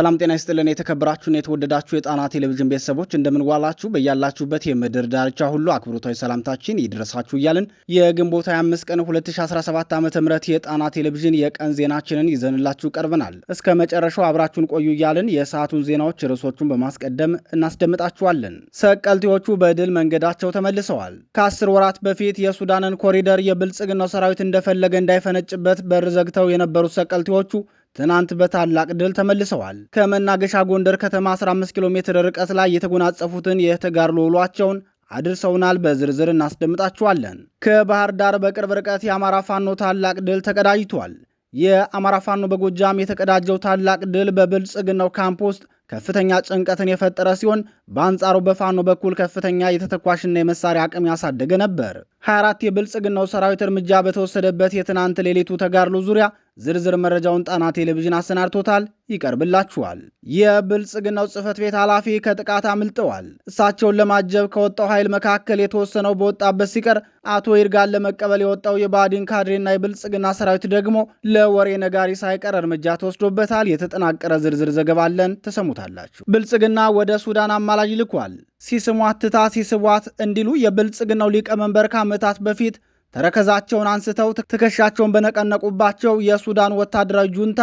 ሰላም ጤና ይስጥልን። የተከበራችሁን የተወደዳችሁ የጣና ቴሌቪዥን ቤተሰቦች እንደምንዋላችሁ፣ በያላችሁበት የምድር ዳርቻ ሁሉ አክብሮታዊ ሰላምታችን ይድረሳችሁ እያልን የግንቦት 25 ቀን 2017 ዓ ም የጣና ቴሌቪዥን የቀን ዜናችንን ይዘንላችሁ ቀርበናል። እስከ መጨረሻው አብራችሁን ቆዩ እያልን የሰዓቱን ዜናዎች ርዕሶቹን በማስቀደም እናስደምጣችኋለን። ሰቀልቴዎቹ በድል መንገዳቸው ተመልሰዋል። ከአስር ወራት በፊት የሱዳንን ኮሪደር የብልጽግናው ሰራዊት እንደፈለገ እንዳይፈነጭበት በር ዘግተው የነበሩት ሰቀልቴዎቹ ትናንት በታላቅ ድል ተመልሰዋል። ከመናገሻ ጎንደር ከተማ 15 ኪሎ ሜትር ርቀት ላይ የተጎናጸፉትን የተጋድሎ ውሏቸውን አድርሰውናል። በዝርዝር እናስደምጣችኋለን። ከባህር ዳር በቅርብ ርቀት የአማራ ፋኖ ታላቅ ድል ተቀዳጅቷል። የአማራ ፋኖ በጎጃም የተቀዳጀው ታላቅ ድል በብልጽግናው ካምፕ ውስጥ ከፍተኛ ጭንቀትን የፈጠረ ሲሆን በአንጻሩ በፋኖ በኩል ከፍተኛ የተተኳሽና የመሳሪያ አቅም ያሳደገ ነበር። 24 የብልጽግናው ሰራዊት እርምጃ በተወሰደበት የትናንት ሌሊቱ ተጋድሎ ዙሪያ ዝርዝር መረጃውን ጣና ቴሌቪዥን አሰናድቶታል፣ ይቀርብላችኋል። የብልጽግናው ጽህፈት ቤት ኃላፊ ከጥቃት አምልጠዋል። እሳቸውን ለማጀብ ከወጣው ኃይል መካከል የተወሰነው በወጣበት ሲቀር አቶ ይርጋን ለመቀበል የወጣው የባዲን ካድሬና የብልጽግና ሰራዊት ደግሞ ለወሬ ነጋሪ ሳይቀር እርምጃ ተወስዶበታል። የተጠናቀረ ዝርዝር ዘገባ አለን፣ ተሰሙታላችሁ። ብልጽግና ወደ ሱዳን አማላጅ ልኳል። ሲስሟት ትታ ሲስቧት እንዲሉ የብልጽግናው ሊቀመንበር ከዓመታት በፊት ተረከዛቸውን አንስተው ትከሻቸውን በነቀነቁባቸው የሱዳን ወታደራዊ ጁንታ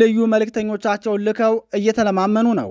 ልዩ መልእክተኞቻቸውን ልከው እየተለማመኑ ነው።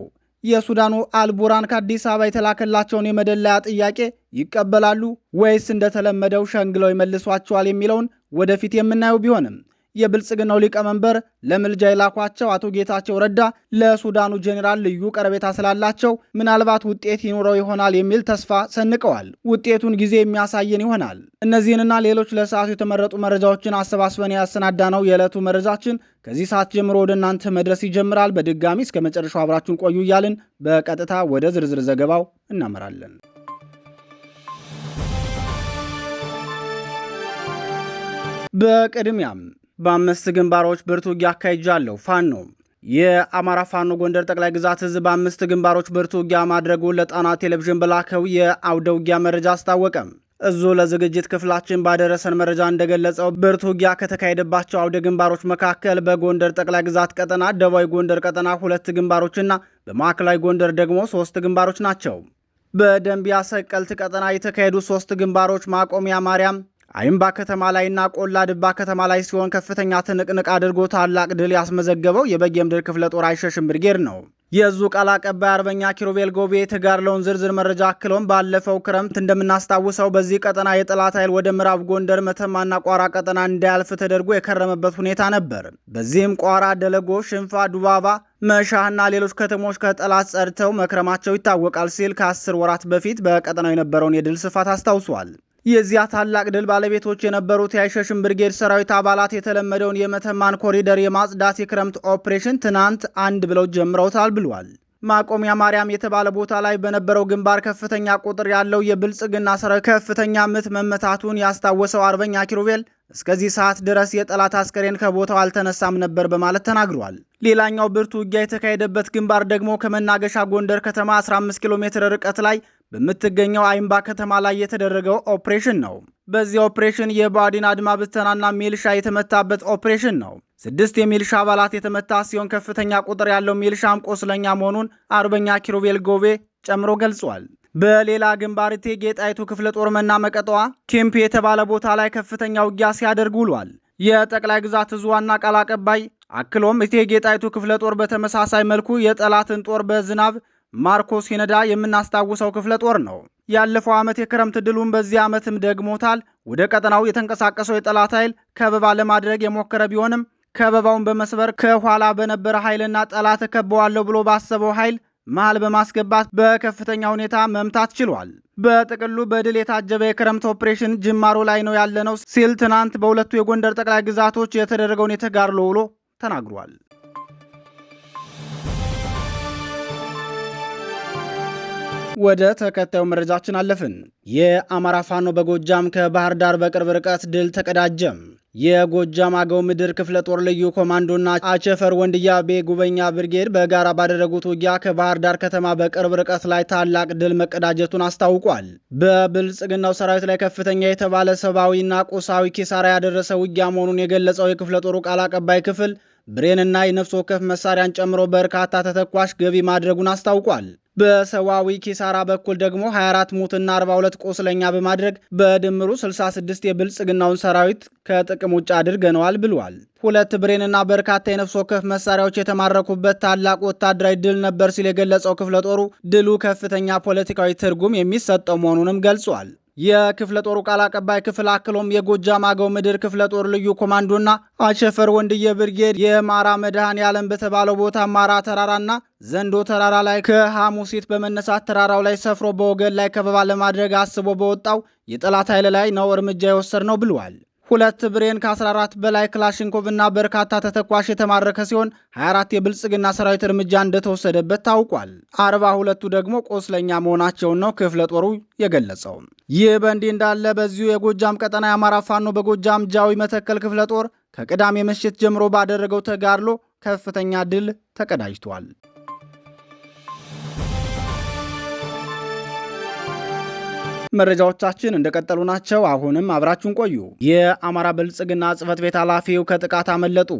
የሱዳኑ አልቡራን ከአዲስ አበባ የተላከላቸውን የመደለያ ጥያቄ ይቀበላሉ ወይስ እንደተለመደው ሸንግለው ይመልሷቸዋል የሚለውን ወደፊት የምናየው ቢሆንም የብልጽግናው ሊቀመንበር ለምልጃ የላኳቸው አቶ ጌታቸው ረዳ ለሱዳኑ ጄኔራል ልዩ ቀረቤታ ስላላቸው ምናልባት ውጤት ይኖረው ይሆናል የሚል ተስፋ ሰንቀዋል። ውጤቱን ጊዜ የሚያሳየን ይሆናል። እነዚህንና ሌሎች ለሰዓቱ የተመረጡ መረጃዎችን አሰባስበን ያሰናዳ ነው። የዕለቱ መረጃችን ከዚህ ሰዓት ጀምሮ ወደ እናንተ መድረስ ይጀምራል። በድጋሚ እስከ መጨረሻው አብራችሁን ቆዩ እያልን በቀጥታ ወደ ዝርዝር ዘገባው እናመራለን። በቅድሚያም በአምስት ግንባሮች ብርቱ ውጊያ አካሂጃለሁ ፋኖ የአማራ ፋኖ ጎንደር ጠቅላይ ግዛት ህዝብ በአምስት ግንባሮች ብርቱ ውጊያ ማድረጉን ለጣና ቴሌቪዥን በላከው የአውደ ውጊያ መረጃ አስታወቀም። እዙ ለዝግጅት ክፍላችን ባደረሰን መረጃ እንደገለጸው ብርቱ ውጊያ ከተካሄደባቸው አውደ ግንባሮች መካከል በጎንደር ጠቅላይ ግዛት ቀጠና፣ ደቡባዊ ጎንደር ቀጠና ሁለት ግንባሮችና በማዕከላዊ ጎንደር ደግሞ ሶስት ግንባሮች ናቸው። በደንቢያ ሰቀልት ቀጠና የተካሄዱ ሶስት ግንባሮች ማቆሚያ ማርያም አይምባ ከተማ ላይና ቆላ ድባ ከተማ ላይ ሲሆን ከፍተኛ ትንቅንቅ አድርጎ ታላቅ ድል ያስመዘገበው የበጌምድር ክፍለ ጦር አይሸሽም ብርጌድ ነው። የዙ ቃል አቀባይ አርበኛ ኪሩቤል ጎቤ የተጋድለውን ዝርዝር መረጃ አክለውም ባለፈው ክረምት እንደምናስታውሰው በዚህ ቀጠና የጠላት ኃይል ወደ ምዕራብ ጎንደር መተማና ቋራ ቀጠና እንዳያልፍ ተደርጎ የከረመበት ሁኔታ ነበር። በዚህም ቋራ፣ ደለጎ፣ ሽንፋ፣ ዱባባ መሻህና ሌሎች ከተሞች ከጠላት ጸድተው መክረማቸው ይታወቃል ሲል ከአስር ወራት በፊት በቀጠናው የነበረውን የድል ስፋት አስታውሷል። የዚያ ታላቅ ድል ባለቤቶች የነበሩት የአይሸሽን ብርጌድ ሰራዊት አባላት የተለመደውን የመተማን ኮሪደር የማጽዳት የክረምት ኦፕሬሽን ትናንት አንድ ብለው ጀምረውታል ብሏል። ማቆሚያ ማርያም የተባለ ቦታ ላይ በነበረው ግንባር ከፍተኛ ቁጥር ያለው የብልጽግና ሰራዊት ከፍተኛ ምት መመታቱን ያስታወሰው አርበኛ ኪሩቤል እስከዚህ ሰዓት ድረስ የጠላት አስከሬን ከቦታው አልተነሳም ነበር በማለት ተናግሯል። ሌላኛው ብርቱ ውጊያ የተካሄደበት ግንባር ደግሞ ከመናገሻ ጎንደር ከተማ 15 ኪሎ ሜትር ርቀት ላይ በምትገኘው አይምባ ከተማ ላይ የተደረገው ኦፕሬሽን ነው። በዚህ ኦፕሬሽን የባዲን አድማ ብተናና ሚልሻ የተመታበት ኦፕሬሽን ነው። ስድስት የሚልሻ አባላት የተመታ ሲሆን ከፍተኛ ቁጥር ያለው ሚልሻም ቆስለኛ መሆኑን አርበኛ ኪሩቤል ጎቤ ጨምሮ ገልጿል። በሌላ ግንባር እቴጌ ጣይቱ ክፍለ ጦር መና መቀጠዋ ኬምፕ የተባለ ቦታ ላይ ከፍተኛ ውጊያ ሲያደርግ ውሏል። የጠቅላይ ግዛት እዙ ዋና ቃል አቀባይ አክሎም እቴጌ ጣይቱ ክፍለ ጦር በተመሳሳይ መልኩ የጠላትን ጦር በዝናብ ማርኮስ ሂነዳ የምናስታውሰው ክፍለ ጦር ነው። ያለፈው ዓመት የክረምት ድሉን በዚህ ዓመትም ደግሞታል። ወደ ቀጠናው የተንቀሳቀሰው የጠላት ኃይል ከበባ ለማድረግ የሞከረ ቢሆንም ከበባውን በመስበር ከኋላ በነበረ ኃይልና ጠላት እከበዋለሁ ብሎ ባሰበው ኃይል መሃል በማስገባት በከፍተኛ ሁኔታ መምታት ችሏል። በጥቅሉ በድል የታጀበ የክረምት ኦፕሬሽን ጅማሮ ላይ ነው ያለነው ሲል ትናንት በሁለቱ የጎንደር ጠቅላይ ግዛቶች የተደረገውን የተጋድሎ ውሎ ተናግሯል። ወደ ተከታዩ መረጃችን አለፍን። የአማራ ፋኖ በጎጃም ከባህር ዳር በቅርብ ርቀት ድል ተቀዳጀም። የጎጃም አገው ምድር ክፍለ ጦር ልዩ ኮማንዶና አቸፈር ወንድያ ቤ ጉበኛ ብርጌድ በጋራ ባደረጉት ውጊያ ከባህር ዳር ከተማ በቅርብ ርቀት ላይ ታላቅ ድል መቀዳጀቱን አስታውቋል። በብልጽግናው ሰራዊት ላይ ከፍተኛ የተባለ ሰብአዊና ቁሳዊ ኪሳራ ያደረሰ ውጊያ መሆኑን የገለጸው የክፍለ ጦሩ ቃል አቀባይ ክፍል ብሬንና የነፍስ ወከፍ መሳሪያን ጨምሮ በርካታ ተተኳሽ ገቢ ማድረጉን አስታውቋል። በሰዋዊ ኪሳራ በኩል ደግሞ 24 ሙትና 42 ቆስለኛ በማድረግ በድምሩ 66 የብልጽግናውን ሰራዊት ከጥቅም ውጭ አድርገነዋል ብሏል። ሁለት ብሬንና በርካታ የነፍስ ወከፍ መሳሪያዎች የተማረኩበት ታላቅ ወታደራዊ ድል ነበር ሲል የገለጸው ክፍለ ጦሩ ድሉ ከፍተኛ ፖለቲካዊ ትርጉም የሚሰጠው መሆኑንም ገልጿል። የክፍለ ጦሩ ቃል አቀባይ ክፍል አክሎም የጎጃም አገው ምድር ክፍለ ጦር ልዩ ኮማንዶና አሸፈር ወንድየ ብርጌድ የማራ መድኃኔ ዓለም በተባለው ቦታ ማራ ተራራና ዘንዶ ተራራ ላይ ከሐሙሲት በመነሳት ተራራው ላይ ሰፍሮ በወገን ላይ ከበባ ለማድረግ አስቦ በወጣው የጠላት ኃይል ላይ ነው እርምጃ የወሰድ ነው ብለዋል። ሁለት ብሬን ከ14 በላይ ክላሽንኮቭ እና በርካታ ተተኳሽ የተማረከ ሲሆን 24 የብልጽግና ሰራዊት እርምጃ እንደተወሰደበት ታውቋል። አርባ ሁለቱ ደግሞ ቆስለኛ መሆናቸውን ነው ክፍለ ጦሩ የገለጸው። ይህ በእንዲህ እንዳለ በዚሁ የጎጃም ቀጠና የአማራ ፋኖ በጎጃም ጃዊ መተከል ክፍለ ጦር ከቅዳሜ ምሽት ጀምሮ ባደረገው ተጋድሎ ከፍተኛ ድል ተቀዳጅቷል። መረጃዎቻችን እንደቀጠሉ ናቸው። አሁንም አብራችሁን ቆዩ። የአማራ ብልጽግና ጽህፈት ቤት ኃላፊው ከጥቃት አመለጡ።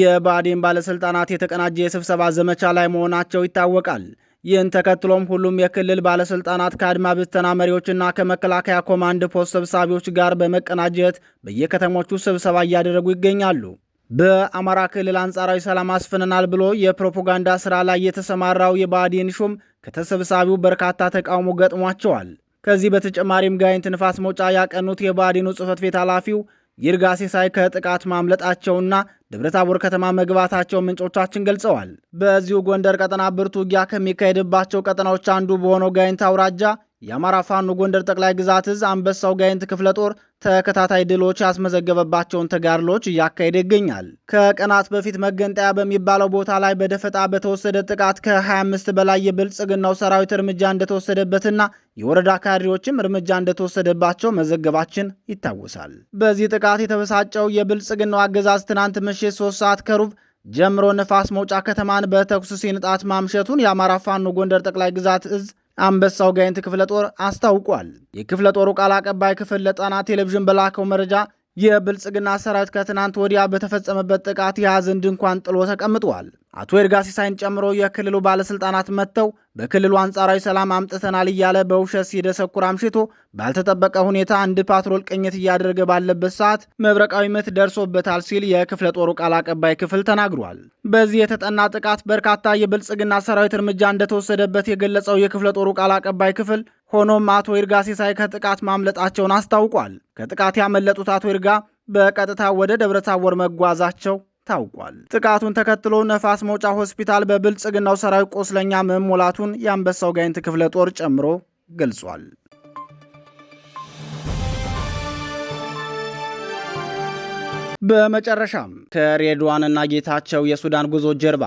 የባዴን ባለስልጣናት የተቀናጀ የስብሰባ ዘመቻ ላይ መሆናቸው ይታወቃል። ይህን ተከትሎም ሁሉም የክልል ባለስልጣናት ከአድማ ብተና መሪዎችና ከመከላከያ ኮማንድ ፖስት ሰብሳቢዎች ጋር በመቀናጀት በየከተሞቹ ስብሰባ እያደረጉ ይገኛሉ። በአማራ ክልል አንጻራዊ ሰላም አስፍነናል ብሎ የፕሮፓጋንዳ ስራ ላይ የተሰማራው የባዴን ሹም ከተሰብሳቢው በርካታ ተቃውሞ ገጥሟቸዋል። ከዚህ በተጨማሪም ጋይንት ንፋስ መውጫ ያቀኑት የባዲኑ ጽህፈት ቤት ኃላፊው ይርጋ ሲሳይ ከጥቃት ማምለጣቸውና ደብረታቦር ከተማ መግባታቸው ምንጮቻችን ገልጸዋል። በዚሁ ጎንደር ቀጠና ብርቱ ውጊያ ከሚካሄድባቸው ቀጠናዎች አንዱ በሆነው ጋይንት አውራጃ የአማራ ፋኖ ጎንደር ጠቅላይ ግዛት እዝ አንበሳው ጋይንት ክፍለ ጦር ተከታታይ ድሎች ያስመዘገበባቸውን ተጋድሎች እያካሄደ ይገኛል። ከቀናት በፊት መገንጠያ በሚባለው ቦታ ላይ በደፈጣ በተወሰደ ጥቃት ከ25 በላይ የብልጽግናው ሰራዊት እርምጃ እንደተወሰደበትና የወረዳ ካድሬዎችም እርምጃ እንደተወሰደባቸው መዘገባችን ይታወሳል። በዚህ ጥቃት የተበሳጨው የብልጽግናው አገዛዝ ትናንት ምሽት 3 ሰዓት ከሩብ ጀምሮ ንፋስ መውጫ ከተማን በተኩስ ሲንጣት ማምሸቱን የአማራ ፋኖ ጎንደር ጠቅላይ ግዛት እዝ አንበሳው ጋይንት ክፍለ ጦር አስታውቋል። የክፍለ ጦሩ ቃል አቀባይ ክፍል ለጣና ቴሌቪዥን በላከው መረጃ የብልጽግና ሰራዊት ከትናንት ወዲያ በተፈጸመበት ጥቃት የሐዘን ድንኳን ጥሎ ተቀምጧል። አቶ ሲሳይን ጨምሮ የክልሉ ባለስልጣናት መጥተው በክልሉ አንጻራዊ ሰላም አምጥተናል እያለ በውሸት ሲደሰኩር አምሽቶ ባልተጠበቀ ሁኔታ አንድ ፓትሮል ቅኝት እያደረገ ባለበት ሰዓት መብረቃዊ ምት ደርሶበታል ሲል የክፍለ ጦሩ ቃል አቀባይ ክፍል ተናግሯል። በዚህ የተጠና ጥቃት በርካታ የብልጽግና ሰራዊት እርምጃ እንደተወሰደበት የገለጸው የክፍለ ጦሩ ቃል አቀባይ ክፍል ሆኖም አቶ ይርጋ ሲሳይ ከጥቃት ማምለጣቸውን አስታውቋል። ከጥቃት ያመለጡት አቶ ይርጋ በቀጥታ ወደ ደብረታቦር መጓዛቸው ታውቋል። ጥቃቱን ተከትሎ ነፋስ መውጫ ሆስፒታል በብልጽግናው ሰራዊት ቆስለኛ መሞላቱን የአንበሳው ጋይንት ክፍለ ጦር ጨምሮ ገልጿል። በመጨረሻም ከሬድዋንና ጌታቸው የሱዳን ጉዞ ጀርባ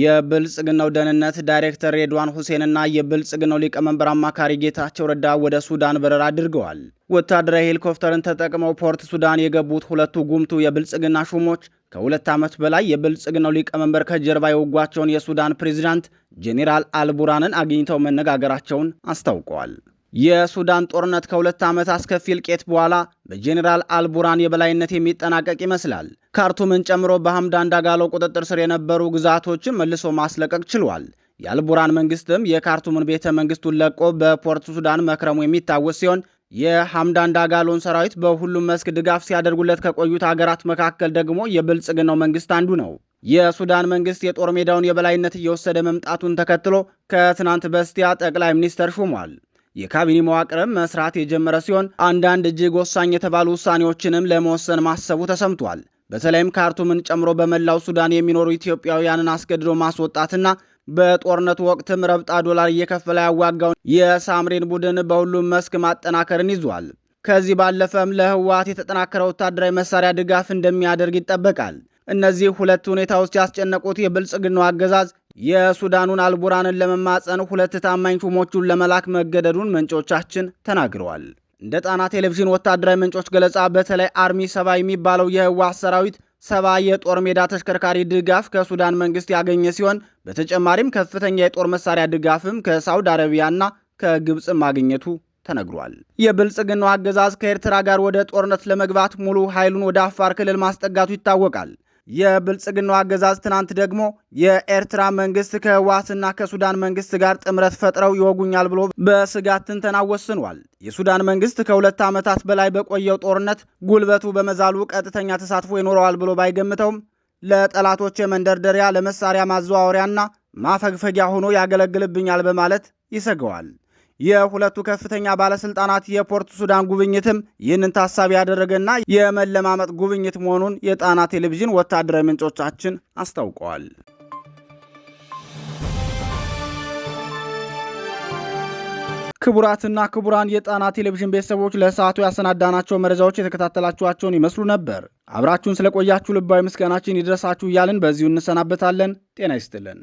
የብልጽግናው ደህንነት ዳይሬክተር ሬድዋን ሁሴንና የብልጽግናው ሊቀመንበር አማካሪ ጌታቸው ረዳ ወደ ሱዳን በረራ አድርገዋል። ወታደራዊ ሄሊኮፕተርን ተጠቅመው ፖርት ሱዳን የገቡት ሁለቱ ጉምቱ የብልጽግና ሹሞች ከሁለት ዓመት በላይ የብልጽግናው ሊቀመንበር ከጀርባ የወጓቸውን የሱዳን ፕሬዚዳንት ጄኔራል አልቡራንን አግኝተው መነጋገራቸውን አስታውቀዋል። የሱዳን ጦርነት ከሁለት ዓመት አስከፊ እልቂት በኋላ በጄኔራል አልቡራን የበላይነት የሚጠናቀቅ ይመስላል። ካርቱምን ጨምሮ በሐምዳን ዳጋሎ ቁጥጥር ስር የነበሩ ግዛቶችን መልሶ ማስለቀቅ ችሏል። የአልቡራን መንግስትም የካርቱምን ቤተ መንግስቱን ለቆ በፖርት ሱዳን መክረሙ የሚታወስ ሲሆን የሐምዳን ዳጋሎን ሰራዊት በሁሉም መስክ ድጋፍ ሲያደርጉለት ከቆዩት አገራት መካከል ደግሞ የብልጽግናው መንግስት አንዱ ነው። የሱዳን መንግስት የጦር ሜዳውን የበላይነት እየወሰደ መምጣቱን ተከትሎ ከትናንት በስቲያ ጠቅላይ ሚኒስተር ሹሟል። የካቢኔ መዋቅርም መስራት የጀመረ ሲሆን አንዳንድ እጅግ ወሳኝ የተባሉ ውሳኔዎችንም ለመወሰን ማሰቡ ተሰምቷል። በተለይም ካርቱምን ጨምሮ በመላው ሱዳን የሚኖሩ ኢትዮጵያውያንን አስገድዶ ማስወጣትና በጦርነቱ ወቅትም ረብጣ ዶላር እየከፈለ ያዋጋውን የሳምሬን ቡድን በሁሉም መስክ ማጠናከርን ይዟል። ከዚህ ባለፈም ለህወሓት የተጠናከረ ወታደራዊ መሳሪያ ድጋፍ እንደሚያደርግ ይጠበቃል። እነዚህ ሁለት ሁኔታዎች ያስጨነቁት የብልጽግናው አገዛዝ የሱዳኑን አልቡራንን ለመማጸን ሁለት ታማኝ ሹሞቹን ለመላክ መገደዱን ምንጮቻችን ተናግረዋል። እንደ ጣና ቴሌቪዥን ወታደራዊ ምንጮች ገለጻ በተለይ አርሚ ሰባ የሚባለው የህወሓት ሰራዊት ሰባ የጦር ሜዳ ተሽከርካሪ ድጋፍ ከሱዳን መንግስት ያገኘ ሲሆን በተጨማሪም ከፍተኛ የጦር መሳሪያ ድጋፍም ከሳውዲ አረቢያና ከግብፅ ማግኘቱ ተነግሯል። የብልጽግናው አገዛዝ ከኤርትራ ጋር ወደ ጦርነት ለመግባት ሙሉ ኃይሉን ወደ አፋር ክልል ማስጠጋቱ ይታወቃል። የብልጽግናው አገዛዝ ትናንት ደግሞ የኤርትራ መንግስት ከህወሓትና ከሱዳን መንግስት ጋር ጥምረት ፈጥረው ይወጉኛል ብሎ በስጋት ትንተና ወስኗል። የሱዳን መንግስት ከሁለት ዓመታት በላይ በቆየው ጦርነት ጉልበቱ በመዛሉ ቀጥተኛ ተሳትፎ ይኖረዋል ብሎ ባይገምተውም ለጠላቶች የመንደርደሪያ ለመሳሪያ ማዘዋወሪያና ማፈግፈጊያ ሆኖ ያገለግልብኛል በማለት ይሰገዋል። የሁለቱ ከፍተኛ ባለስልጣናት የፖርት ሱዳን ጉብኝትም ይህንን ታሳቢ ያደረገና የመለማመጥ ጉብኝት መሆኑን የጣና ቴሌቪዥን ወታደራዊ ምንጮቻችን አስታውቀዋል። ክቡራትና ክቡራን የጣና ቴሌቪዥን ቤተሰቦች ለሰዓቱ ያሰናዳናቸው መረጃዎች የተከታተላችኋቸውን ይመስሉ ነበር። አብራችሁን ስለቆያችሁ ልባዊ ምስጋናችን ይድረሳችሁ እያልን በዚሁ እንሰናበታለን። ጤና ይስጥልን።